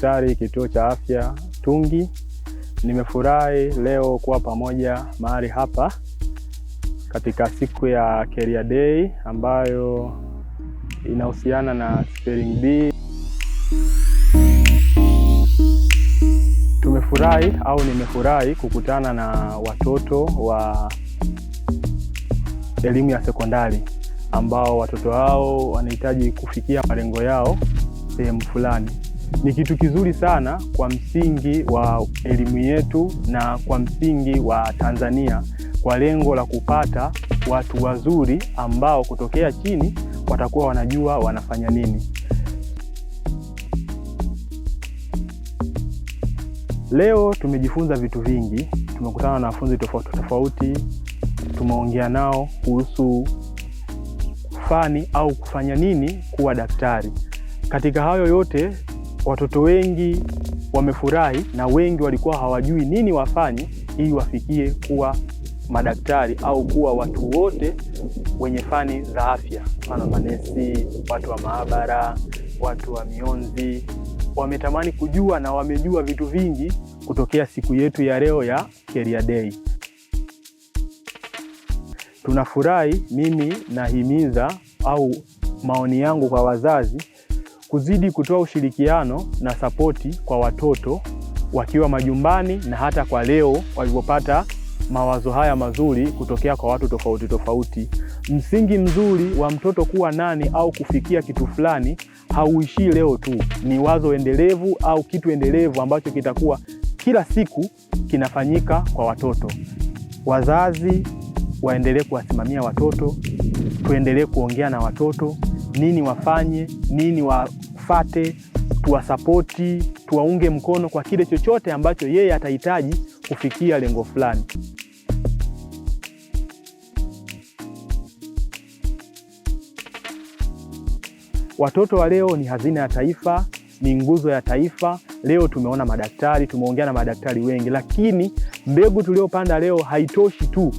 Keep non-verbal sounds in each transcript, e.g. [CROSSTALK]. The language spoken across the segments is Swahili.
daktari kituo cha afya Tungi. Nimefurahi leo kuwa pamoja mahali hapa katika siku ya Career Day ambayo inahusiana na spelling bee. Tumefurahi au nimefurahi kukutana na watoto wa elimu ya sekondari ambao watoto hao wanahitaji kufikia malengo yao sehemu fulani ni kitu kizuri sana kwa msingi wa elimu yetu na kwa msingi wa Tanzania, kwa lengo la kupata watu wazuri ambao kutokea chini watakuwa wanajua wanafanya nini. Leo tumejifunza vitu vingi, tumekutana na wanafunzi tofauti tofauti, tumeongea nao kuhusu fani au kufanya nini kuwa daktari. Katika hayo yote Watoto wengi wamefurahi na wengi walikuwa hawajui nini wafanye ili wafikie kuwa madaktari au kuwa watu wote wenye fani za afya, mfano manesi, watu wa maabara, watu wa mionzi. Wametamani kujua na wamejua vitu vingi kutokea siku yetu ya leo ya Career Day. Tunafurahi. Mimi nahimiza au maoni yangu kwa wazazi kuzidi kutoa ushirikiano na sapoti kwa watoto wakiwa majumbani na hata kwa leo walivyopata mawazo haya mazuri kutokea kwa watu tofauti tofauti. Msingi mzuri wa mtoto kuwa nani au kufikia kitu fulani hauishii leo tu, ni wazo endelevu au kitu endelevu ambacho kitakuwa kila siku kinafanyika kwa watoto. Wazazi waendelee kuwasimamia watoto, tuendelee kuongea na watoto nini wafanye, nini wafate, tuwasapoti, tuwaunge mkono kwa kile chochote ambacho yeye atahitaji kufikia lengo fulani. Watoto wa leo ni hazina ya taifa, ni nguzo ya taifa. Leo tumeona madaktari, tumeongea na madaktari wengi, lakini mbegu tuliyopanda leo haitoshi tu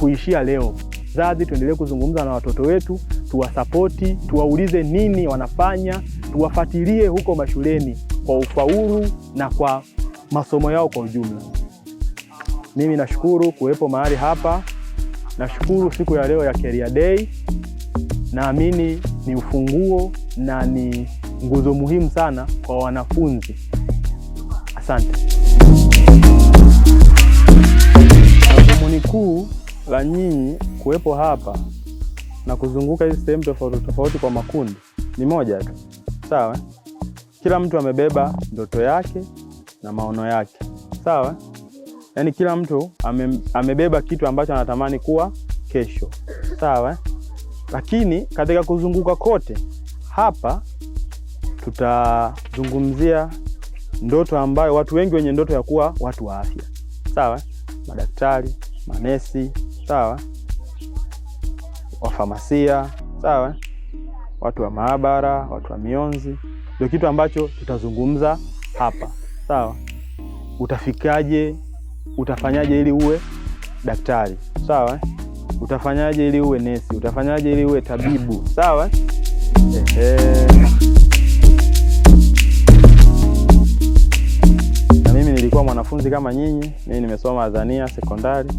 kuishia leo. Zazi, tuendelee kuzungumza na watoto wetu tuwasapoti, tuwaulize nini wanafanya, tuwafatilie huko mashuleni kwa ufaulu na kwa masomo yao kwa ujumla. Mimi nashukuru kuwepo mahali hapa, nashukuru siku ya leo ya Career Day. Naamini ni ufunguo na ni nguzo muhimu sana kwa wanafunzi. Asante. Dhumuni kuu la nyinyi kuwepo hapa na kuzunguka hizi sehemu tofauti tofauti kwa makundi ni moja tu, sawa? Kila mtu amebeba ndoto yake na maono yake, sawa? Yaani kila mtu ame, amebeba kitu ambacho anatamani kuwa kesho, sawa? Lakini katika kuzunguka kote hapa tutazungumzia ndoto ambayo watu wengi wenye ndoto ya kuwa watu wa afya, sawa? Madaktari, manesi, sawa? wafamasia, sawa, watu wa maabara, watu wa mionzi, ndio kitu ambacho tutazungumza hapa, sawa. Utafikaje, utafanyaje ili uwe daktari, sawa, utafanyaje ili uwe nesi, utafanyaje ili uwe tabibu, sawa. Ehe. Na mimi nilikuwa mwanafunzi kama nyinyi, mimi nimesoma Azania Sekondari,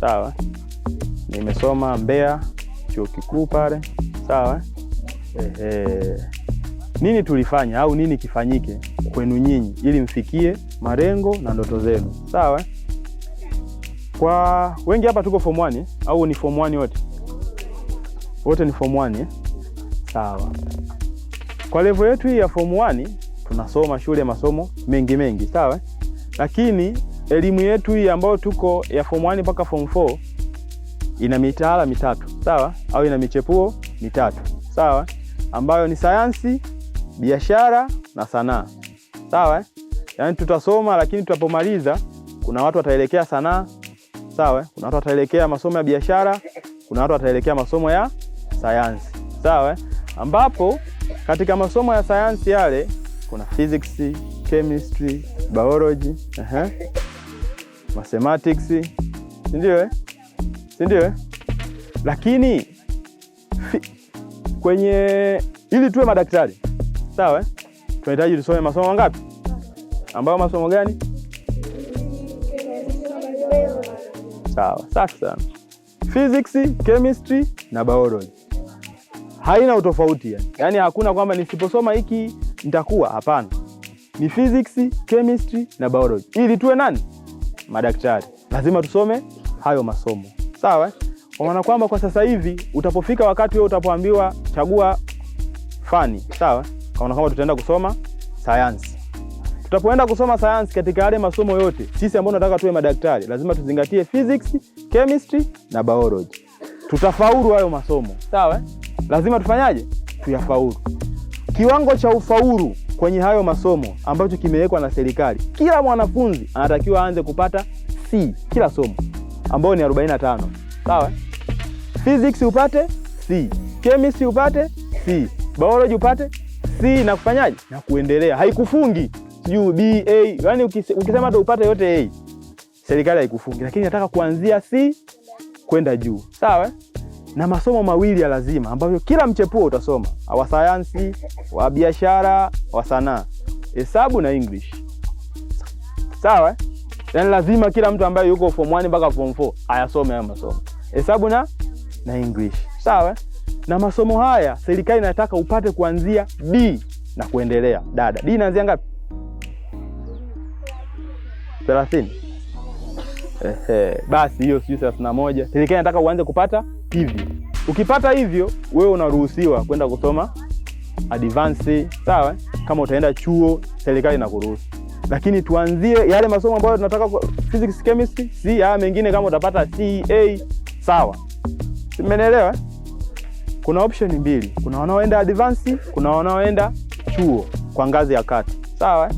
sawa, nimesoma Mbeya chuo kikuu pale, sawa eh? eh, Nini tulifanya au nini kifanyike kwenu nyinyi ili mfikie malengo na ndoto zenu, sawa? Kwa wengi hapa tuko form 1 au ni form 1 wote? Wote ni form 1 eh? sawa. Kwa level yetu hii ya form 1 tunasoma shule masomo mengi mengi, sawa, lakini elimu yetu hii ambayo tuko ya form 1 mpaka form 4 ina mitaala mitatu sawa, au ina michepuo mitatu sawa, ambayo ni sayansi, biashara na sanaa sawa. Yaani tutasoma, lakini tutapomaliza, kuna watu wataelekea sanaa sawa, kuna watu wataelekea masomo ya biashara, kuna watu wataelekea masomo ya sayansi sawa, ambapo katika masomo ya sayansi yale kuna physics, chemistry, biology, uh -huh. mathematics, si ndio eh? si ndio? Eh? Lakini [LAUGHS] kwenye ili tuwe madaktari sawa, eh? tunahitaji tusome masomo mangapi? Ambayo masomo gani? Sawa, safi sana. Physics, chemistry na biology haina utofauti yani, hakuna kwamba nisiposoma hiki nitakuwa, hapana. Ni physics, chemistry na biology. Ili tuwe nani? Madaktari, lazima tusome hayo masomo sawa. Eh? Kwa maana kwamba kwa sasa hivi utapofika wakati wewe utapoambiwa chagua fani, sawa, kwa maana kwamba tutaenda kusoma sayansi. Tutapoenda kusoma sayansi katika yale masomo yote, sisi ambao tunataka tuwe madaktari lazima tuzingatie physics, chemistry na biology. Tutafaulu hayo masomo, sawa, eh? lazima tufanyaje? Tuyafaulu. Kiwango cha ufaulu kwenye hayo masomo ambacho kimewekwa na serikali, kila mwanafunzi anatakiwa aanze kupata C kila somo ambayo ni 45. Sawa? Physics upate C, chemistry upate C, biology upate C na kufanyaje? Na kuendelea. Haikufungi. Sijui B, A, yani ukisema hata upate yote A. Serikali haikufungi, lakini nataka kuanzia C kwenda juu. Sawa? Na masomo mawili ya lazima ambavyo kila mchepuo utasoma, wa sayansi, wa biashara, wa sanaa, hesabu na English. Sawa? Yaani lazima kila mtu ambaye yuko form 1 mpaka form 4 ayasome haya masomo. Hesabu na na English. Sawa? Na masomo haya serikali inataka upate kuanzia D na kuendelea. Dada, D inaanzia ngapi? 30. Ehe, basi hiyo sijui 31. Serikali inataka uanze kupata hivi. Ukipata hivyo, wewe unaruhusiwa kwenda kusoma advance, sawa? Kama utaenda chuo, serikali inakuruhusu lakini tuanzie yale masomo ambayo tunataka kwa physics, chemistry, si haya mengine. Kama utapata TA sawa, simenelewa. Kuna option mbili, kuna wanaoenda advance, kuna wanaoenda chuo kwa ngazi ya kati, sawa.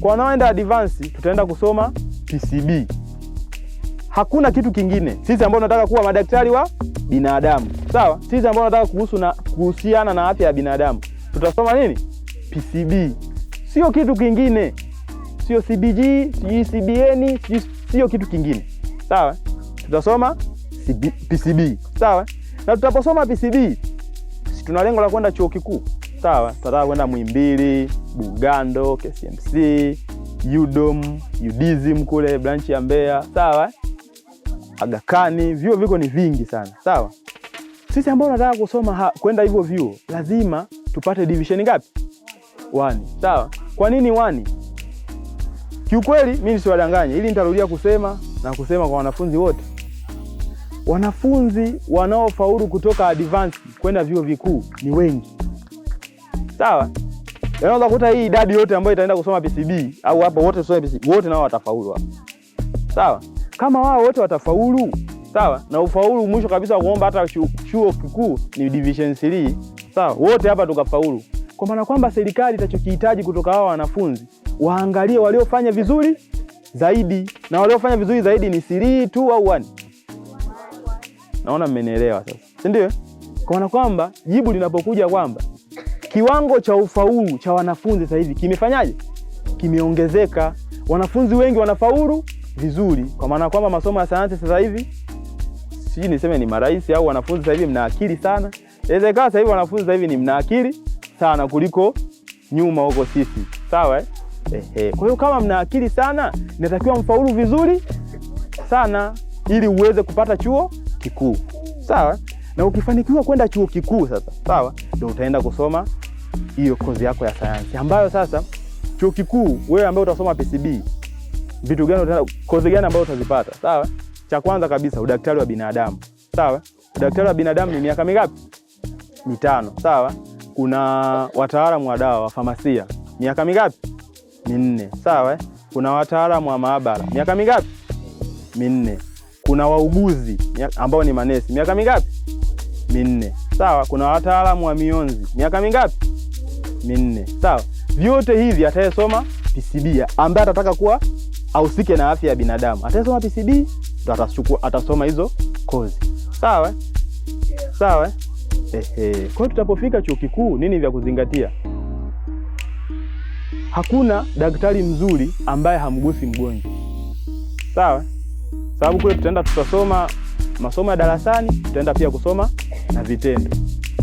Kwa wanaoenda advance tutaenda kusoma PCB, hakuna kitu kingine. Sisi ambao tunataka kuwa madaktari wa binadamu, sawa, sisi ambao tunataka kuhusu na kuhusiana na afya ya binadamu tutasoma nini? PCB, sio kitu kingine sio CBG, sio CBN, sio kitu kingine sawa. Tutasoma CB, PCB sawa, na tutaposoma PCB si tuna lengo la kwenda chuo kikuu sawa. Tutataka kwenda Muhimbili, Bugando, KCMC, UDOM, UDISM kule branch ya Mbeya sawa, Aga Khan. Vyuo viko ni vingi sana sawa. Sisi ambao tunataka kusoma kwenda hivyo vyuo lazima tupate division ngapi? 1. sawa. Kwa nini 1? Kiukweli mimi siwadanganye, ili nitarudia kusema na kusema kwa wanafunzi wote, wanafunzi wanaofaulu kutoka advance kwenda vyuo vikuu ni wengi, sawa. Yaani unaweza kukuta hii idadi yote ambayo itaenda kusoma PCB au hapo wote tusome PCB, wote nao watafaulu hapo, sawa. Kama wao wote watafaulu, sawa, na ufaulu mwisho kabisa kuomba hata chuo kikuu ni division 3, sawa, wote hapa tukafaulu, kwa maana kwamba serikali itachokihitaji kutoka hao wanafunzi waangalie waliofanya vizuri zaidi, na waliofanya vizuri zaidi ni three tu au one. Naona mmenielewa sasa, si ndio? Kwaona kwamba jibu linapokuja kwamba kiwango cha ufaulu cha wanafunzi sasa hivi kimefanyaje? Kimeongezeka, wanafunzi wengi wanafaulu vizuri, kwa maana kwamba masomo ya sayansi sasa hivi sijui niseme ni marahisi au wanafunzi sasa hivi mna akili sana. Inawezekana sasa hivi wanafunzi sasa hivi ni mna akili sana kuliko nyuma huko sisi, sawa eh? Ehe. Kwa hiyo kama mna akili sana, inatakiwa mfaulu vizuri sana ili uweze kupata chuo kikuu, sawa. Na ukifanikiwa kwenda chuo kikuu sasa, sawa, ndio utaenda kusoma hiyo kozi yako ya sayansi, ambayo sasa chuo kikuu wewe ambaye utasoma PCB, vitu gani utaenda, kozi gani ambayo utazipata? Sawa, cha kwanza kabisa udaktari wa binadamu, sawa. Udaktari wa binadamu ni miaka mingapi? Mitano, sawa. Kuna wataalamu wa dawa wa famasia, miaka mingapi? minne, sawa. Eh? Kuna wataalamu wa maabara miaka mingapi? Minne. Kuna wauguzi ambao ni manesi miaka mingapi? Minne, sawa. Kuna wataalamu wa mionzi miaka mingapi? Minne, sawa. Vyote hivi atayesoma PCB ambaye atataka kuwa ahusike na afya ya binadamu, atayesoma PCB ndo atasoma hizo kozi, sawa eh? sawa. Eh? Ehe, kwa tutapofika chuo kikuu, nini vya kuzingatia? Hakuna daktari mzuri ambaye hamgusi mgonjwa, sawa? Sababu kule tutaenda tutasoma masomo ya darasani, tutaenda pia kusoma na vitendo.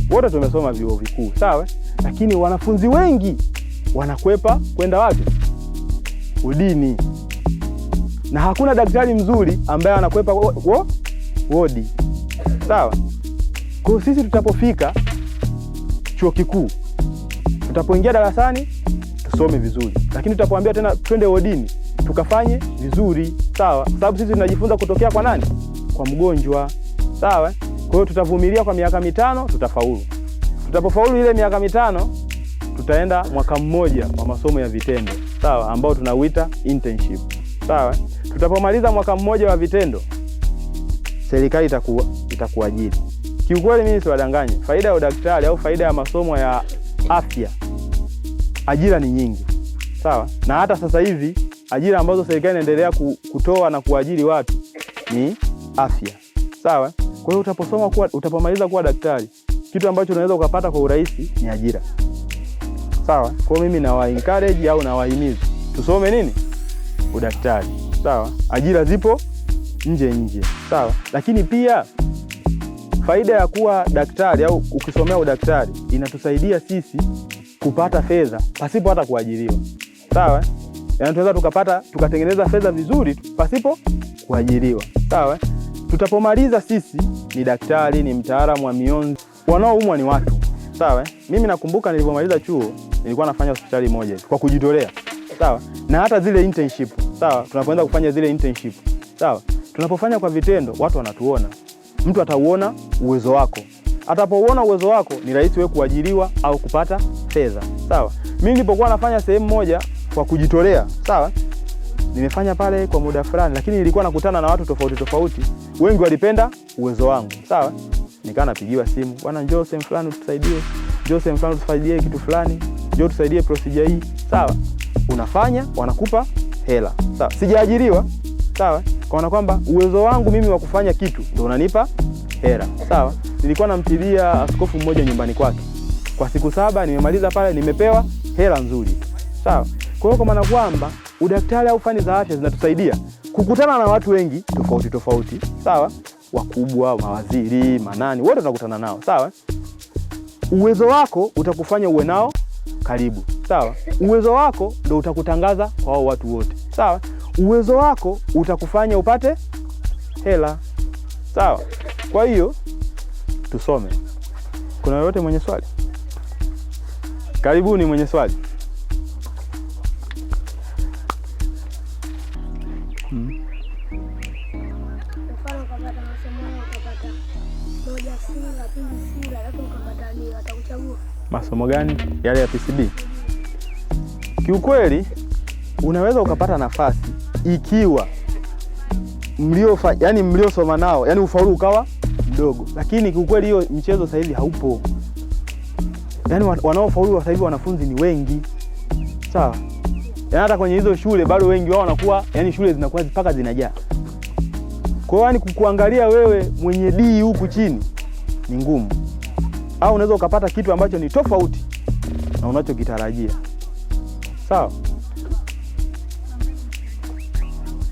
Wote tumesoma vyuo vikuu, sawa, lakini wanafunzi wengi wanakwepa kwenda wapi? Udini. Na hakuna daktari mzuri ambaye anakwepa wo, wodi, sawa? Kwa sisi tutapofika chuo kikuu, tutapoingia darasani tusome vizuri, lakini tutakwambia tena twende wodini tukafanye vizuri, sawa? Kwa sababu sisi tunajifunza kutokea kwa nani? Kwa mgonjwa, sawa? Kwa hiyo tutavumilia kwa miaka mitano, tutafaulu. Tutapofaulu ile miaka mitano, tutaenda mwaka mmoja wa masomo ya vitendo, sawa, ambao tunauita internship, sawa. Tutapomaliza mwaka mmoja wa vitendo, serikali itakuwa itakuajiri. Kiukweli mimi siwadanganye, faida ya udaktari au faida ya masomo ya afya ajira ni nyingi, sawa. Na hata sasa hivi ajira ambazo serikali inaendelea kutoa na kuajiri watu ni afya, sawa. Kwa hiyo utaposoma kuwa, utapomaliza kuwa daktari, kitu ambacho unaweza ukapata kwa urahisi ni ajira, sawa. Kwa mimi nawa encourage au nawahimiza tusome nini, udaktari, sawa. Ajira zipo nje nje, sawa. Lakini pia faida ya kuwa daktari au ukisomea udaktari inatusaidia sisi kupata fedha pasipo hata kuajiriwa. Sawa? Eh? Yaani tunaweza tukapata tukatengeneza fedha vizuri pasipo kuajiriwa. Sawa? Eh? Tutapomaliza sisi ni daktari, ni mtaalamu wa mionzi. Wanaoumwa ni watu. Sawa? Eh? Mimi nakumbuka nilipomaliza chuo nilikuwa nafanya hospitali moja kwa kujitolea. Sawa? Na hata zile internship. Sawa? Tunapoenda kufanya zile internship. Sawa? Tunapofanya kwa vitendo watu wanatuona. Mtu atauona uwezo wako atapouona uwezo wako ni rahisi wewe kuajiriwa au kupata fedha. Sawa, mimi nilipokuwa nafanya sehemu moja kwa kujitolea, sawa, nimefanya pale kwa muda fulani, lakini nilikuwa nakutana na watu tofauti tofauti, wengi walipenda uwezo wangu. Sawa, nikawa napigiwa simu, bwana, njoo sehemu fulani utusaidie, njoo sehemu fulani utusaidie kitu fulani, njoo tusaidie procedure hii. Sawa, unafanya, wanakupa hela. Sawa, sijaajiriwa. Sawa, kaona kwamba uwezo wangu mimi wa kufanya kitu ndio unanipa hela. sawa. Nilikuwa namtibia askofu mmoja nyumbani kwake kwa siku saba, nimemaliza pale, nimepewa hela nzuri, sawa. Kwa hiyo kwa maana kwamba udaktari au fani za afya zinatusaidia kukutana na watu wengi tofauti tofauti, sawa, wakubwa, mawaziri, manani, wote tunakutana nao, sawa. Uwezo wako utakufanya uwe nao karibu, sawa. Uwezo wako ndo utakutangaza kwa hao watu wote, sawa. Uwezo wako utakufanya upate hela, sawa. Kwa hiyo tusome. Kuna yoyote mwenye swali? Karibuni mwenye swali. Hmm. Masomo gani yale ya PCB? Kiukweli unaweza ukapata nafasi ikiwa mlio, yani mliosoma nao, yani ufaulu ukawa kidogo, lakini kiukweli hiyo mchezo sasa hivi haupo. Yaani wanaofaulu sasa hivi wanafunzi ni wengi, sawa. Yaani hata kwenye hizo shule bado wengi wao wanakuwa, yani shule zinakuwa mpaka zinajaa. Kwa hiyo, yani kukuangalia wewe mwenye D huku chini ni ngumu, au unaweza ukapata kitu ambacho ni tofauti na unachokitarajia, sawa.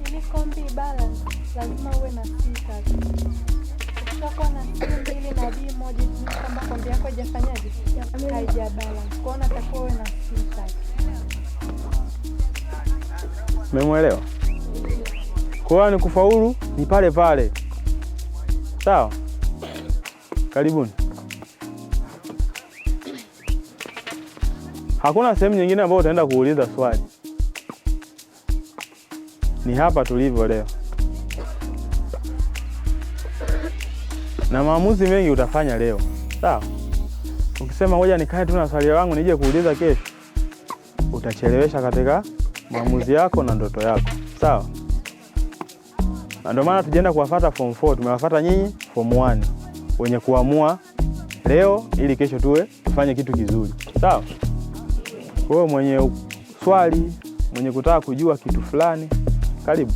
Ili kombi balance lazima uwe na ushakuwa na mbili na moja kwamba kombi yako haijafanyaje, kwao, uwe na tatu. Kwa ni kufaulu ni pale pale, sawa. Karibuni. Hakuna sehemu nyingine ambayo utaenda kuuliza swali, ni hapa tulivyo leo. na maamuzi mengi utafanya leo, sawa. Ukisema ngoja nikae tu na swali langu nije kuuliza kesho, utachelewesha katika maamuzi yako na ndoto yako, sawa. Na ndio maana tujaenda kuwafuata form 4, tumewafuata nyinyi form 1 wenye kuamua leo ili kesho tuwe tufanye kitu kizuri, sawa. Wewe mwenye swali, mwenye kutaka kujua kitu fulani, karibu.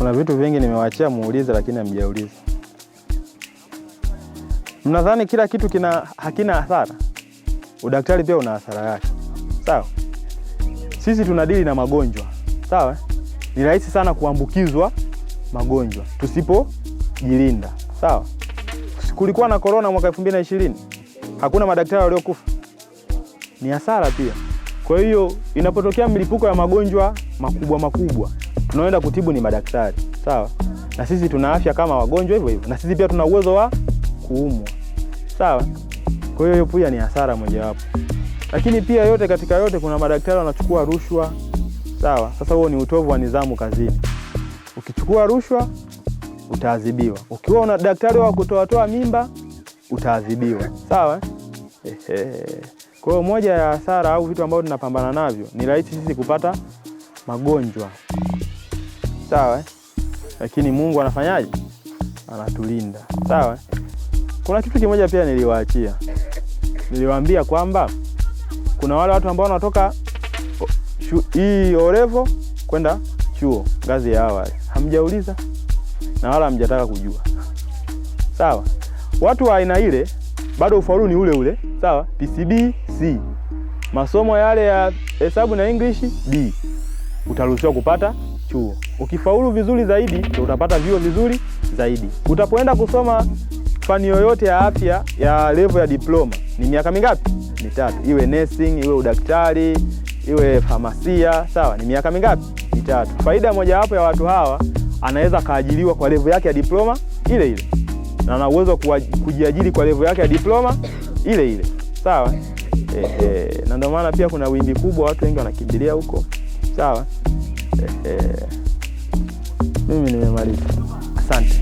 Kuna vitu vingi nimewaachia muulize, lakini hamjauliza. Mnadhani kila kitu kina hakina athara. Udaktari pia una athara yake, sawa? Sisi tunadili na magonjwa, sawa? Ni rahisi sana kuambukizwa magonjwa tusipojilinda, sawa? Kulikuwa na korona mwaka 2020 hakuna madaktari waliokufa, ni hasara pia. Kwa hiyo inapotokea mlipuko ya magonjwa makubwa makubwa tunaoenda kutibu ni madaktari, sawa? Na sisi tuna afya kama wagonjwa hivyo hivyo, na sisi pia tuna uwezo wa kuumwa, sawa? Kwa hiyo hiyo pia ni hasara mojawapo, lakini pia yote katika yote kuna madaktari wanachukua rushwa, sawa? Sasa huo ni utovu wa nidhamu kazini. Ukichukua rushwa utaadhibiwa, ukiwa una daktari wa kutoatoa mimba utaadhibiwa, sawa? Kwa hiyo moja ya hasara au vitu ambavyo tunapambana navyo ni rahisi sisi kupata magonjwa sawa eh? Lakini Mungu anafanyaje? Anatulinda, sawa eh? Kuna kitu kimoja pia niliwaachia, niliwaambia kwamba kuna wale watu ambao wanatoka hii orevo kwenda chuo ngazi ya awali, hamjauliza na wala hamjataka kujua, sawa. Watu wa aina ile bado ufaulu ni ule ule, sawa. PCB C, masomo yale ya hesabu na English B, utaruhusiwa kupata chuo. Ukifaulu vizuri zaidi ndio utapata vyuo vizuri zaidi. Utapoenda kusoma fani yoyote ya afya ya levo ya diploma ni miaka mingapi? Mitatu. Iwe nursing, iwe udaktari, iwe famasia, sawa, ni miaka mingapi? Mitatu. Faida mojawapo ya watu hawa, anaweza akaajiriwa kwa levo yake ya diploma ile ile na ana uwezo kujiajiri kwa levo yake ya diploma ile ile, sawa. e, e. na ndio maana pia kuna wimbi kubwa, watu wengi wanakimbilia huko, sawa. e, e. Mimi nimemaliza, asante.